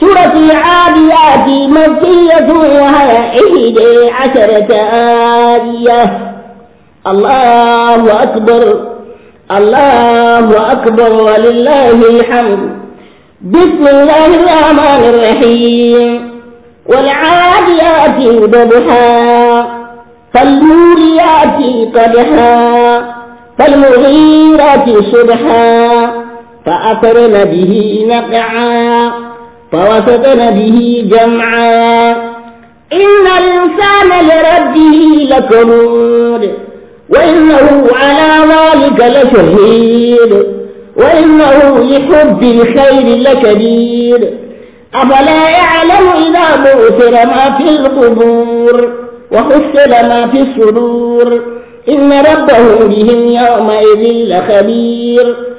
سورة العاديات مكية وهي إحدى عشرة آية الله أكبر الله أكبر ولله الحمد بسم الله الرحمن الرحيم والعاديات ضبحا فالموريات قدحا فالمغيرات صبحا فأثرن به نقعا فوسطن به جمعا إن الإنسان لربه لكنود وإنه على ذلك لشهيد وإنه لحب الخير لشديد أفلا يعلم إذا بؤثر ما في القبور وحصل ما في الصدور إن ربهم بهم يومئذ لخبير